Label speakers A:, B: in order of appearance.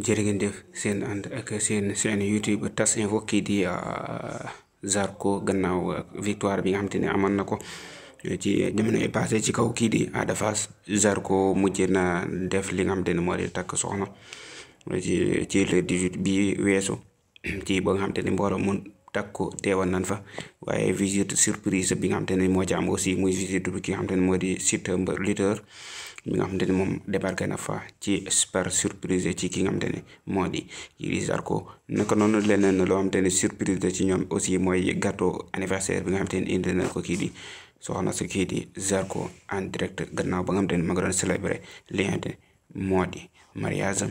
A: jërë ngeen def seen ànd ak seen seen YouTube tas info kii di ah, Zarko gannaaw victoire bi nga xamante ne amoon na ko eh, ci jamono yi passé ci kaw kii di Ada Fass Zarko mujjee na def li nga xamante ne moo di takk soxna eh, ci ci le 18 bi weesu ci ba nga xamante ne mbooloo mun takku teewoon nañ fa waaye visite surprise bi nga xamante ne moo ci am aussi muy visite du ki nga xam ne moo di site lutteur mi nga xamante ni moom débarqué na fa ci super surprise ci ki nga xamante ni moo di Gris Zarco naka noonu leneen loo xamante ni surprise la ci ñoom aussi mooy gato anniversaire bi nga xamante ni indi na ko kii di soxna si kii di Zarco en direct gannaaw ba nga xamante ni ma nga doon célébré li nga xamante ni di mariage